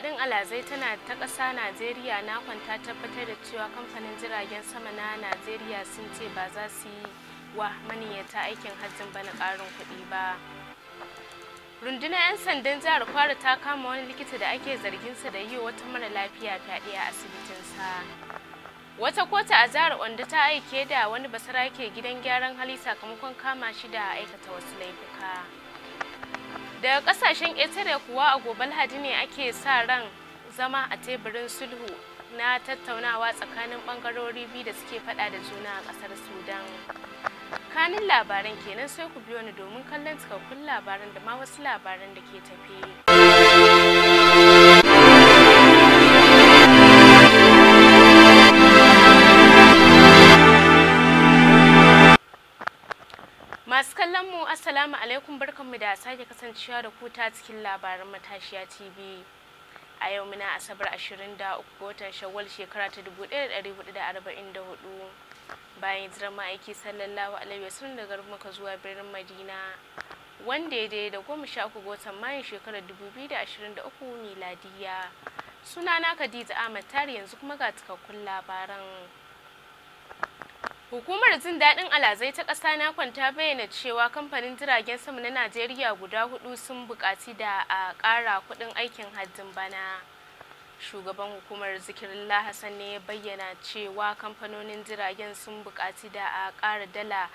daɗin alazai tana ta ƙasa najeriya na kwanta tabbatar da cewa kamfanin jiragen sama na najeriya sun ce ba za su yi wa maniyyata aikin hajjin bana ƙarin kuɗi ba rundunar 'yan sandan jihar kwara ta kama wani likita da ake zarginsa da yi wata mara lafiya fyaɗe a asibitinsa wata kota a jihar ondo ta aike da wani basarake gidan gyaran hali sakamakon kama shi da aikata wasu laifuka Daga kasashen etere kuwa a gobe lahadi ne ake sa ran zama a teburin sulhu na tattaunawa tsakanin bangarori biyu da suke fada da juna a kasar sudan kanin labaran kenan sai ku biyo ni domin kallon cikakkun labaran da ma wasu labaran da ke tafe assalamu alaikum barkanmu da sake kasancewa da ku ta cikin labaran matashiya TV. A yau muna Asabar 23 ga watan Shawwal shekara ta 1444 bayan hijirar ma'aiki sallallahu alaihi wasallam daga Makka zuwa birnin Madina wanda ya dai da goma sha uku watan Mayu shekarar 2023 miladiya. Sunana Khadija Ahmad Tari yanzu kuma ga cikakkun labaran. Hukumar jin daɗin alazai ta ƙasa Nakon ta bayyana cewa kamfanin jiragen sama na Najeriya guda hudu sun buƙaci da a ƙara kuɗin aikin hajjin bana. Shugaban hukumar zikirillah Hassan ne ya bayyana cewa kamfanonin jiragen sun buƙaci da a ƙara dala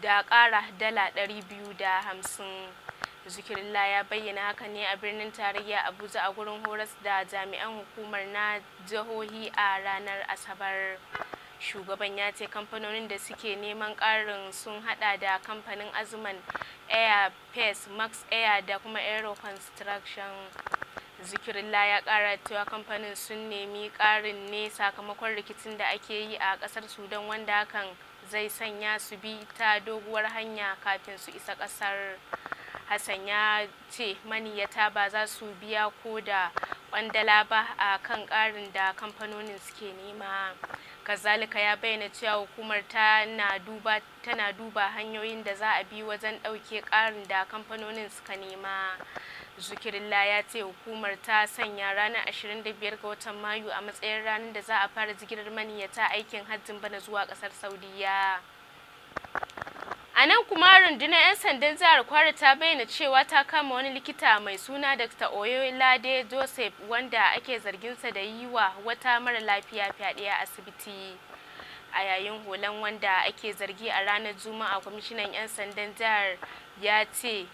da ƙara dala ɗari biyu da hamsin. zikirillah ya bayyana haka ne a birnin tarayya abuja a gurin horas da jami'an hukumar na jihohi a ranar asabar. shugaban ya ce kamfanonin da suke neman ƙarin sun hada da kamfanin azuman air pace max air da kuma aero construction zikirillah ya kara cewa kamfanin sun nemi ƙarin ne sakamakon rikicin da ake yi a ƙasar sudan wanda hakan zai sanya su bi ta doguwar hanya kafin su isa ƙasar hassan ya ce maniyata ba za su biya ko da kwandala ba a kan ƙarin da kamfanonin suke nema kazalika ya bayyana cewa hukumar tana duba hanyoyin da za a bi wajen ɗauke ƙarin da kamfanonin suka nema zukirilla ya ce hukumar ta sanya ranar 25 ga watan mayu a matsayin ranar da za a fara jigilar maniyyata aikin hajjin bana zuwa ƙasar saudiya a nan kuma rundunar 'yan sandan jihar kwara ta bayyana cewa ta kama wani likita mai suna dr oyolade joseph wanda ake zarginsa da yi wa wata mara lafiya fyaɗe a asibiti a yayin holan wanda ake zargi a ranar juma'a kwamishinan 'yan sandan jihar ya ce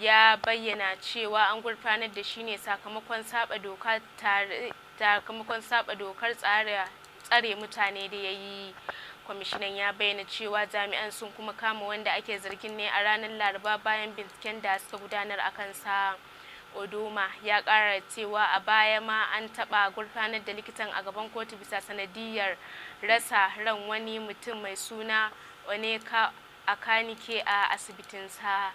ya bayyana cewa an gurfanar da shi ne sakamakon saba doka sakamakon saba dokar tsare mutane da ya yi kwamishinan ya bayyana cewa jami'an sun kuma kama wanda ake zargin ne a ranar laraba bayan binciken da suka gudanar a kansa odoma ya kara cewa a baya ma an taba gurfanar da likitan a gaban kotu bisa sanadiyar rasa ran wani mutum mai suna oneka akanike a asibitinsa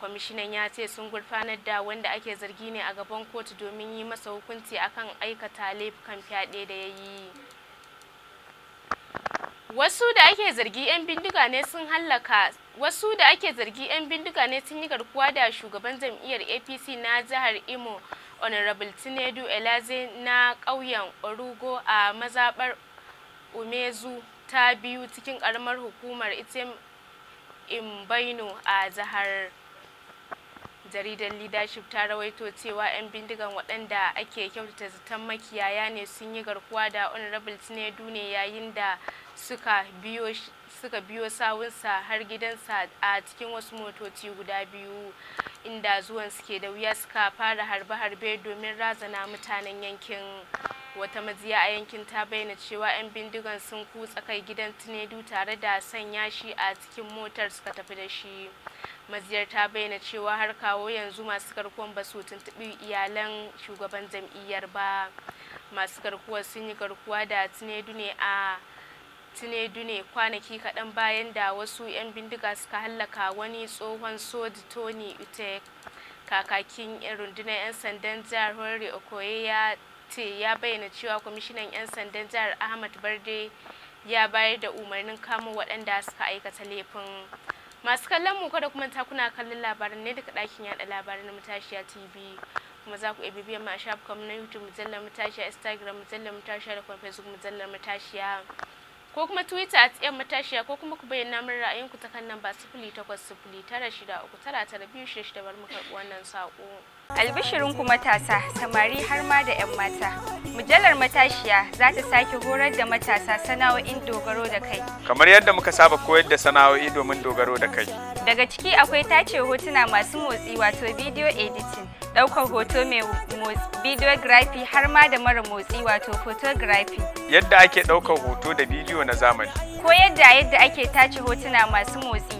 kwamishinan ya ce sun gurfanar da wanda ake zargi ne a gaban kotu domin yi masa hukunci akan aikata laifukan fyaɗe da ya yi Wasu da ake zargi 'yan bindiga ne sun hallaka wasu da ake zargi 'yan bindiga ne sun yi garkuwa da shugaban jam'iyyar APC na jihar Imo Honorable Tinedu Elaze na ƙauyen Orugo a mazaɓar Umezu ta biyu cikin ƙaramar hukumar Item Imbaino a jihar jaridar leadership ta rawaito cewa 'yan bindigan waɗanda ake kyautata zaton makiyaya ne sun yi garkuwa da honorable tinedu ne yayin da suka biyo sawunsa har gidansa a cikin wasu motoci guda biyu inda zuwan suke da wuya suka fara harbe-harbe domin razana mutanen yankin wata maziya a yankin ta bayyana cewa 'yan bindigan sun kutsa kai gidan tinedu tare da sanya shi a cikin motar suka tafi da shi maziyar ta bayyana cewa har kawo yanzu masu garkuwan ba su tuntuɓi iyalan shugaban jam'iyyar ba masu garkuwa sun yi garkuwa da tinedu ne a tune dune kwanaki kaɗan bayan da wasu 'yan bindiga suka hallaka wani tsohon soji tony ute kakakin rundunar 'yan sandan jihar henry okoye ya ya bayyana cewa kwamishinan 'yan sandan jihar ahmad barde ya bayar da umarnin kamun waɗanda suka aikata laifin masu kallon mu kada kuma takuna kuna kallon labaran ne daga ɗakin yaɗa labaran na matashiya tv kuma za ku iya bibiyan mu a shafukan na youtube mujallar matashiya instagram mujallar matashiya da kuma facebook mujallar matashiya ko kuma twitter at yan matashiya ko kuma ku bayyana min ra'ayinku ta kan nan ba sifili takwas sifili tara shida uku tara tara biyu shida shida bar mu wannan saƙo. Albishirin ku matasa, samari har ma da 'yan mata. Mujallar matashiya za ta sake horar da matasa sana'o'in dogaro da kai. Kamar yadda muka saba koyar da sana'o'i domin dogaro da kai. Daga ciki akwai tace hotuna masu motsi wato video editing, ɗaukar hoto mai videography har ma da mara motsi wato photography. Yadda ake ɗaukar hoto da bidiyo na zamani. Ko yadda yadda ake tace hotuna masu motsi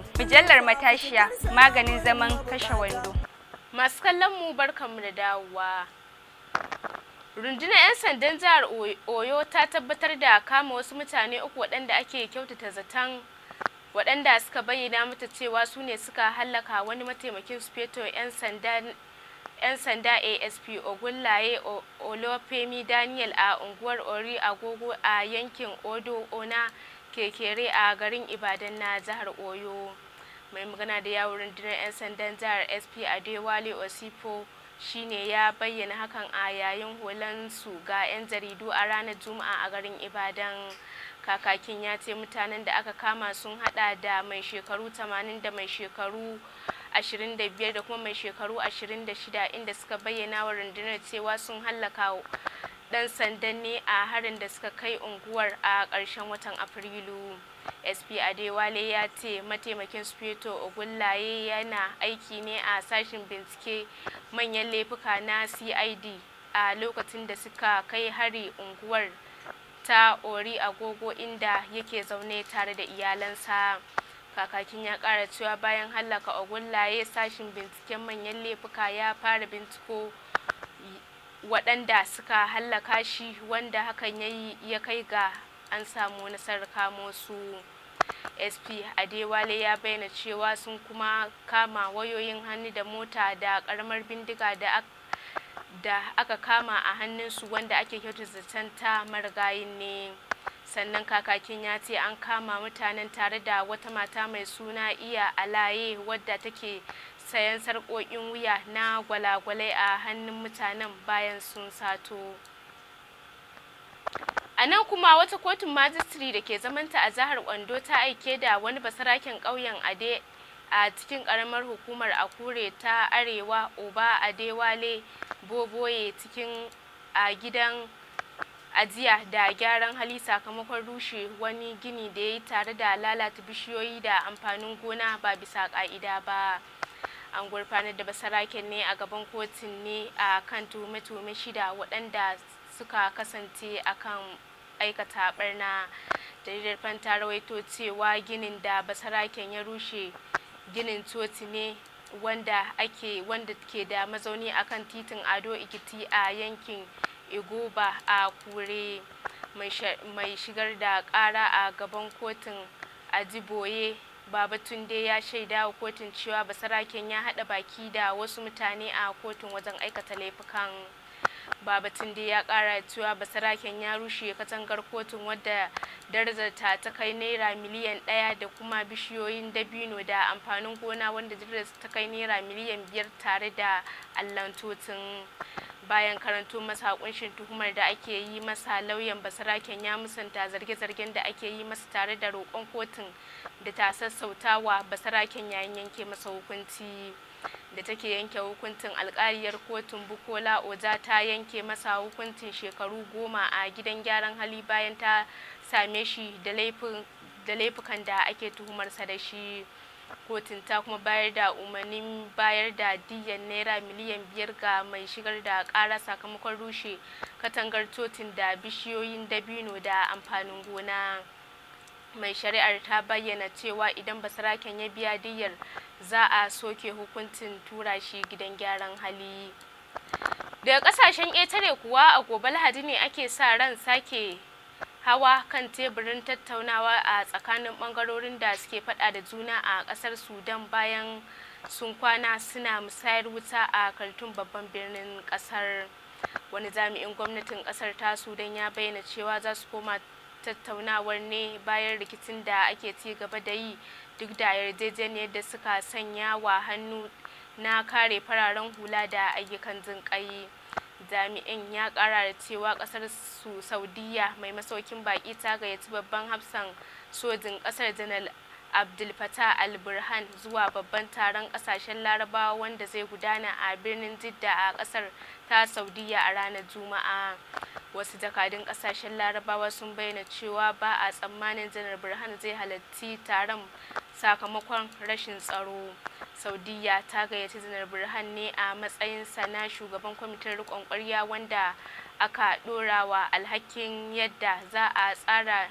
Mujallar matashiya maganin zaman kashe wando. Masu kallon mu barkanmu da dawowa. Rundunar 'yan sandan jihar Oyo ta tabbatar da kama wasu mutane uku waɗanda ake kyautata zaton waɗanda suka bayyana mata cewa su ne suka hallaka wani mataimakin sufeto 'yan sanda 'yan sanda asp ogunlaye olofemi daniel a unguwar ori agogo a yankin odo ona kekere a garin ibadan na jihar oyo mai magana da yawurin rundunar 'yan sandan jihar sp adewale osipo shine ya bayyana hakan a yayin holan su ga 'yan jaridu a ranar juma'a a garin ibadan kakakin ya ce mutanen da aka kama sun hada da mai shekaru 80 da mai shekaru 25 da kuma mai shekaru 26 inda suka bayyana wa rundunar cewa sun hallaka dan sandan ne a harin da suka kai unguwar a ƙarshen watan afrilu sp adewale ya ce mataimakin spirito ogullaye yana aiki ne a sashin bincike manyan laifuka na cid a lokacin da suka kai hari unguwar ta ori agogo inda yake zaune tare da iyalansa kakakin ya kara cewa bayan hallaka ogullaye sashin binciken manyan laifuka ya fara binciko waɗanda suka hallaka shi wanda hakan ya kai ga an samu nasarar kamo su sp adewale ya bayyana cewa sun kuma kama wayoyin hannu da mota da karamar bindiga da aka kama a hannunsu wanda ake kyautar zaton ta marigayin ne sannan kakakin ya ce an kama mutanen tare da wata mata mai suna iya alaye wadda take sayan sarƙoƙin wuya na gwalagwalai a hannun mutanen bayan sun sato a nan kuma wata kotun majistri da ke zamanta a jihar kwando ta aike da wani basaraken ƙauyen ade a cikin ƙaramar hukumar akure ta arewa oba adewale boboye cikin a gidan ajiya da gyaran hali sakamakon rushe wani gini da ya yi tare da lalata bishiyoyi da amfanin gona ba bisa ka'ida ba an gurfanar da basaraken ne a gaban kotun ne a kan tuhume-tuhume shida waɗanda suka kasance a kan. aikata barna jaridar fan rawaito cewa ginin da basaraken ya rushe ginin coci ne wanda ake wanda ke da mazauni akan titin ado ikiti a yankin igoba a kure mai shigar da kara a gaban kotun ajiboye baba tunde ya shaida wa kotun cewa basaraken ya hada baki da wasu mutane a kotun wajen aikata laifukan baba tunde ya kara cewa basaraken ya rushe katangar kotun wadda darajarta ta kai naira miliyan ɗaya da kuma bishiyoyin dabino da amfanin gona wanda darajarsa ta kai naira miliyan biyar tare da allantotin bayan karanto masa kunshin tuhumar da ake yi masa lauyan basaraken ya musanta zarge-zargen da ake yi masa tare da roƙon kotun da ta sassautawa basaraken yayin yanke masa hukunci da take yanke hukuncin alkaliyar kotun bukola oja ta yanke masa hukuncin shekaru goma a gidan gyaran hali bayan ta same shi da laifukan da ake tuhumarsa da shi kotun ta kuma bayar da umarnin bayar da diyan naira miliyan biyar ga mai shigar da kara sakamakon rushe katangar totin da bishiyoyin dabino da amfanin gona. mai shari'ar ta bayyana cewa idan basaraken ya biya diyar za a soke hukuncin tura shi gidan gyaran hali daga kasashen ƙetare kuwa a gobe lahadi ne ake sa ran sake hawa kan teburin tattaunawa a tsakanin bangarorin da suke fada da juna a kasar sudan bayan sun kwana suna musayar wuta a kartun babban birnin kasar wani jami'in gwamnatin kasar ta sudan ya bayyana cewa za su koma tattaunawar ne bayan rikicin da ake ci gaba da yi duk da yarjejeniyar da suka sanya wa hannu na kare fararen hula da ayyukan jinƙayi jami'in ya ƙara da cewa ƙasar su saudiya mai masaukin baƙi ta gayyaci babban hafsan sojin ƙasar janar abdul fatah al-burhan zuwa babban taron ƙasashen larabawa wanda zai gudana a birnin jidda a ƙasar ta saudiya a ranar juma'a wasu jakadun kasashen larabawa sun bayyana cewa ba a tsammanin janar burhan zai halarci taron sakamakon rashin tsaro saudiya ta gayyaci janar burhan ne a matsayin sana shugaban kwamitin rikon kwarya wanda aka dorawa alhakin yadda za a tsara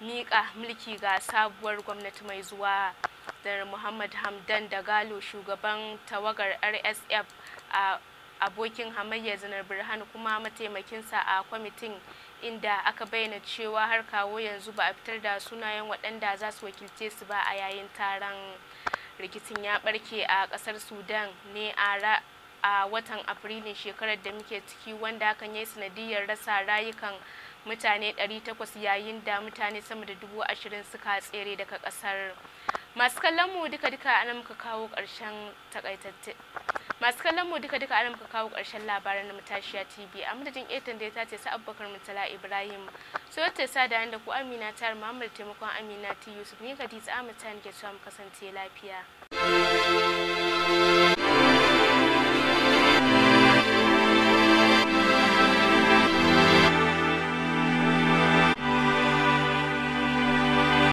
miƙa mulki ga sabuwar gwamnati mai zuwa janar muhammad hamdan da galo shugaban tawagar rsf a abokin hamayya zinar birhan kuma mataimakinsa a kwamitin inda aka bayyana cewa har kawo yanzu ba a fitar da sunayen waɗanda za su wakilce su ba a yayin taron rikicin ya barke a ƙasar sudan ne a a watan afrilun shekarar da muke ciki wanda hakan ya yi sanadiyar rasa rayukan mutane 800 yayin da mutane sama da 20,000 suka tsere daga kasar. masu kallon mu duka duka ana muka kawo karshen takaitatte masu kallon mu duka duka ana muka kawo ƙarshen labaran na matashiya tv a madadin etan da ta ce sa abubakar mutala ibrahim so ta sa da da ku amina tar muhammad taimakon amina t yusuf ni ka ditsa amata ke so mu kasance lafiya